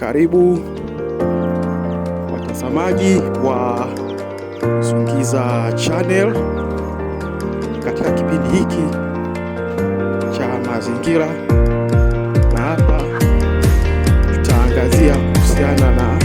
Karibu watazamaji wa Zungiza Channel katika kipindi hiki cha mazingira, na hapa tutaangazia kuhusiana na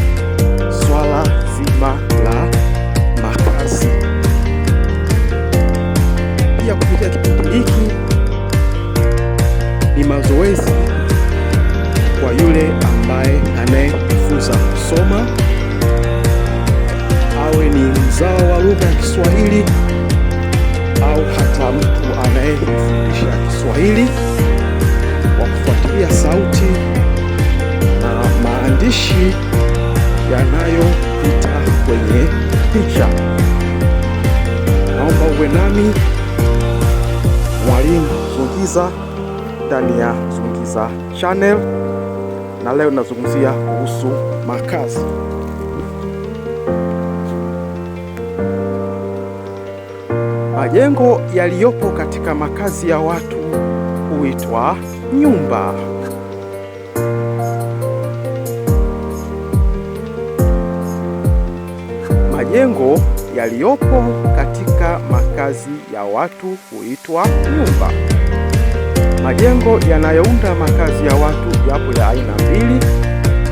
kusoma, awe ni mzao wa lugha ya Kiswahili au hata mtu anayefundisha Kiswahili kwa kufuatilia sauti na maandishi yanayopita kwenye picha. Naomba uwe nami Mwalimu Zungiza ndani ya Zungiza Channel na leo ninazungumzia kuhusu makazi. Majengo yaliyopo katika makazi ya watu huitwa nyumba. Majengo yaliyopo katika makazi ya watu huitwa nyumba. Majengo yanayounda makazi ya watu yapo ya aina mbili,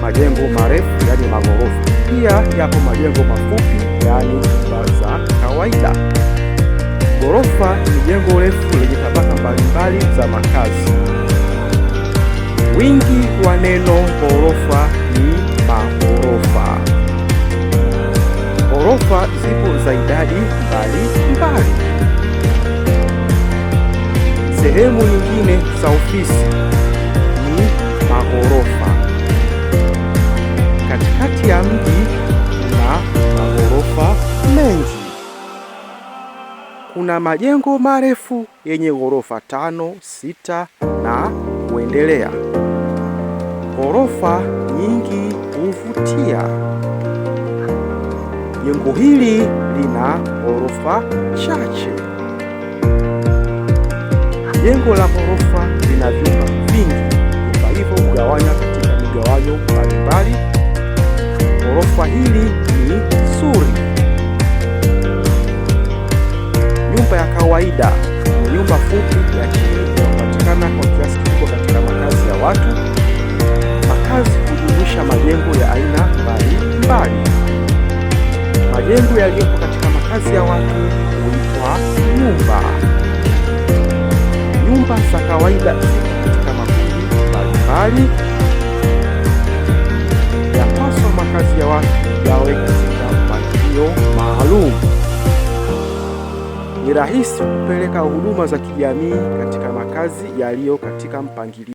majengo marefu yaani maghorofa, pia yapo majengo mafupi yaani nyumba za kawaida. Ghorofa ni jengo refu lenye tabaka mbalimbali za makazi. Wingi wa neno ghorofa ni maghorofa. Ghorofa zipo za idadi mbali Sehemu nyingine za ofisi ni maghorofa. Katikati ya mji kuna maghorofa mengi. Kuna majengo marefu yenye ghorofa tano, sita na kuendelea. Ghorofa nyingi huvutia. Jengo hili lina ghorofa chache. Jengo la ghorofa lina vyumba vingi, vyumba hivyo hugawanywa katika migawanyo mbalimbali. Ghorofa hili ni nzuri. Nyumba ya kawaida ni nyumba fupi ya chini kwa kiasi kikubwa katika makazi ya watu. Makazi hujumuisha majengo ya aina mbalimbali. Majengo yaliyopo katika makazi ya watu huitwa nyumba tiba za kawaida katika makundi mbalimbali. Yapaswa makazi ya watu yawe katika mpangilio maalum. Ni rahisi kupeleka huduma za kijamii katika makazi yaliyo katika mpangilio